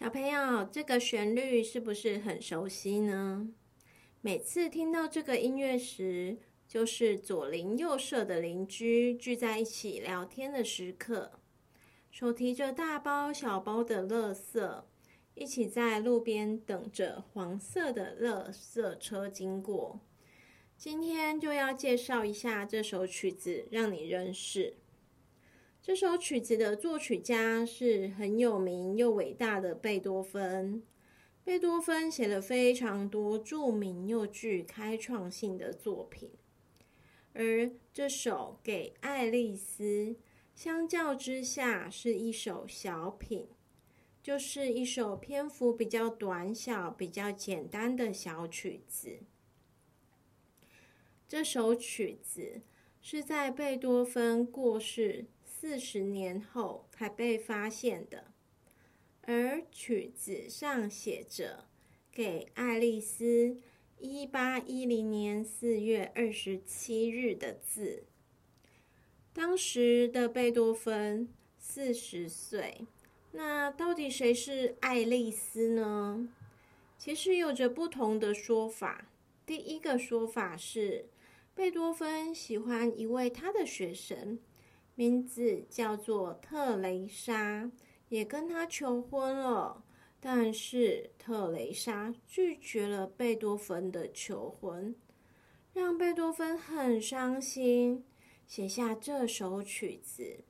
小朋友，這個旋律是不是很熟悉呢？每次聽到這個音樂時，就是左鄰右舍的鄰居聚在一起聊天的時刻，手提着大包小包的垃圾，一起在路邊等着黃色的垃圾車經過。今天就要介紹一下這首曲子，讓你認識。這首曲子的作曲家是很有名又偉大的貝多芬。貝多芬寫了非常多著名又具開創性的作品，而這首《給愛麗絲》相較之下是一首小品，就是一首篇幅比較短小、比較簡單的小曲子。這首曲子是在貝多芬過世四十年後才被發現的，而曲子上寫着“給愛麗絲，一八一零年四月二十七日”的字。當時的貝多芬四十歲。那到底誰是愛麗絲呢？其實有着不同的說法。第一個說法是，貝多芬喜歡一位他的學生。名字叫做特蕾莎，也跟他求婚了，但是特蕾莎拒絕了貝多芬的求婚，讓貝多芬很傷心，寫下這首曲子。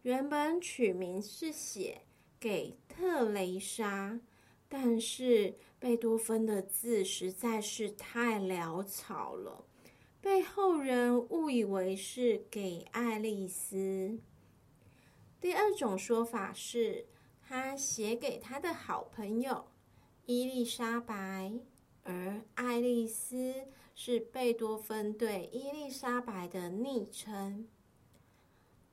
原本曲名是寫給特蕾莎，但是貝多芬的字實在是太潦草了。被後人誤以為是給愛麗絲。第二種說法是，他寫給他的好朋友伊麗莎白，而愛麗絲是貝多芬對伊麗莎白的昵稱。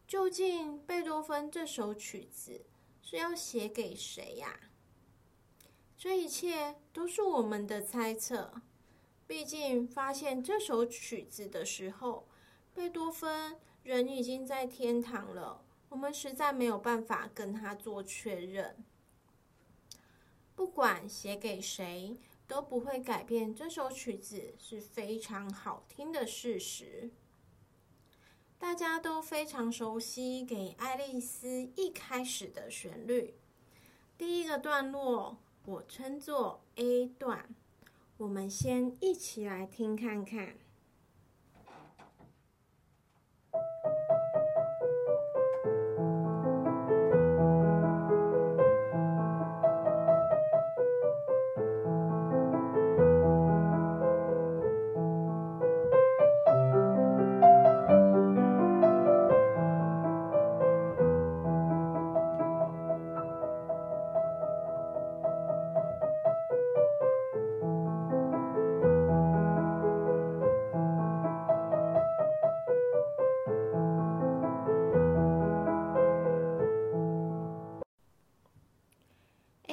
究竟貝多芬這首曲子是要寫給誰呀、啊？這一切都是我們的猜測。畢竟發現這首曲子的時候，貝多芬人已經在天堂了，我們實在沒有辦法跟他做確認。不管寫給誰，都不會改變這首曲子是非常好聽的事實。大家都非常熟悉《給愛麗絲》一開始的旋律，第一個段落我稱作 A 段。我們先一起來聽看看。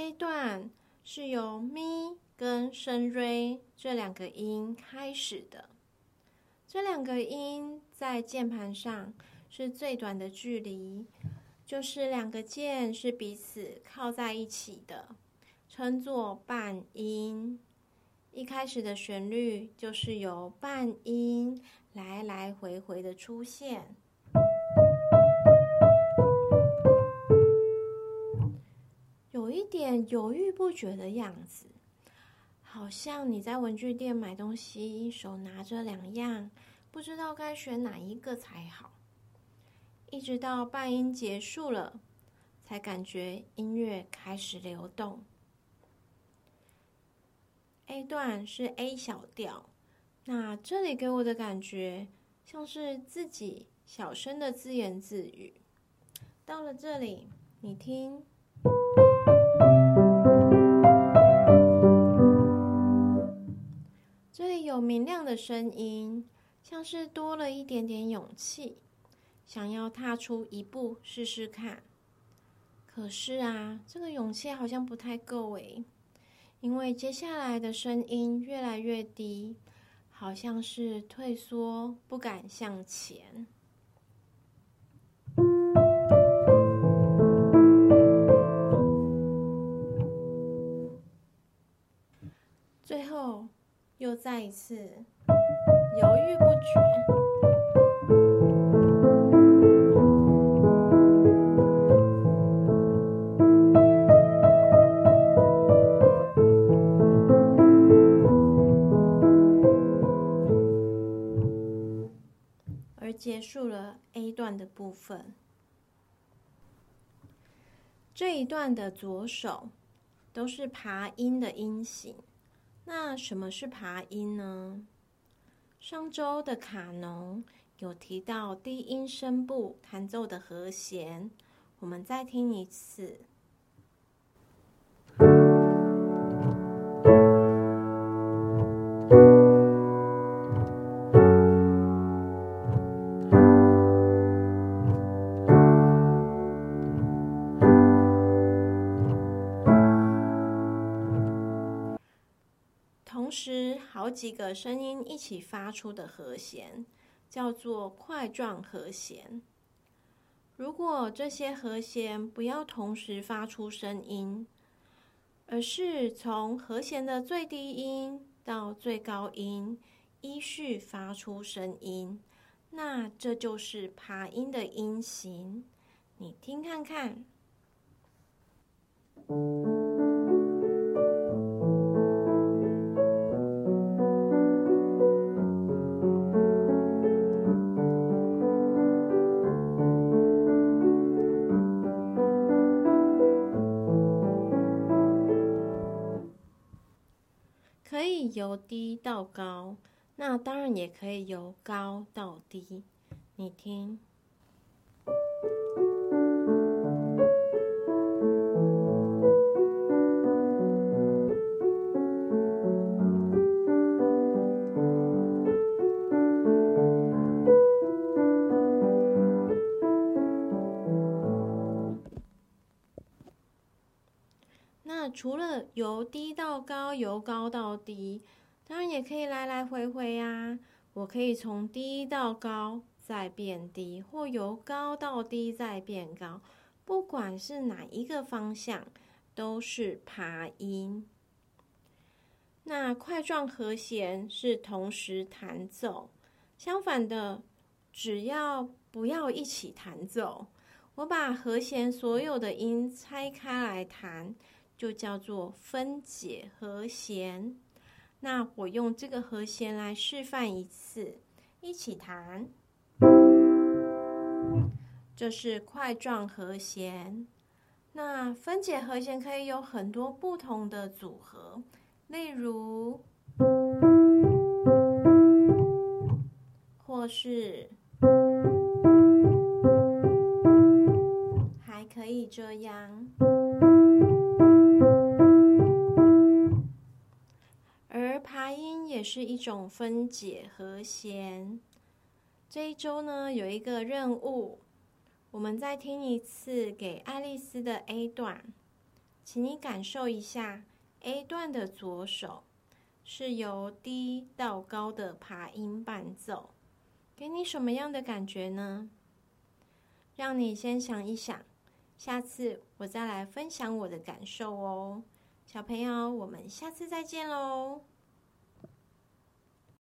A 段是由咪跟聲 r 這兩個音開始的，這兩個音在鍵盤上是最短的距離，就是兩個鍵是彼此靠在一起的，稱作半音。一開始的旋律就是由半音來來回回的出現。一點猶豫不決的樣子，好像你在文具店買東西，手拿着兩樣，不知道該選哪一個才好。一直到半音結束了，才感覺音樂開始流動。A 段是 A 小調，那這裡給我的感覺像是自己小聲的自言自語。到了這裡，你聽。這裡有明亮的聲音，像是多了一點點勇氣，想要踏出一步試試看。可是啊，這個勇氣好像不太夠誒，因為接下來的聲音越來越低，好像是退縮，不敢向前。再一次猶豫不決，而結束了 A 段的部分。這一段的左手都是琶音的音型。那什麼是琶音呢？上週的卡農有提到低音聲部彈奏的和弦，我們再聽一次。同時好幾個聲音一起發出的和弦叫做塊狀和弦。如果這些和弦不要同時發出聲音，而是從和弦的最低音到最高音依序發出聲音，那這就是琶音的音型。你聽看看。可以由低到高，那當然也可以由高到低。你聽。除了由低到高，由高到低，當然也可以來來回回啊！我可以從低到高再變低，或由高到低再變高，不管是哪一個方向，都是琶音。那塊狀和弦是同時彈奏，相反的，只要不要一起彈奏，我把和弦所有的音拆開來彈。就叫做分解和弦。那我用這個和弦來示範一次，一起彈。嗯，這是塊狀和弦。那分解和弦可以有很多不同的組合，例如，或是，還可以這樣。是一種分解和弦。這一周呢，有一個任務，我們再聽一次給愛麗絲的 A 段，請你感受一下 A 段的左手是由低到高的琶音伴奏，給你什麼樣的感覺呢？讓你先想一想，下次我再來分享我的感受哦，小朋友，我們下次再見嘍。